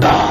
Dá!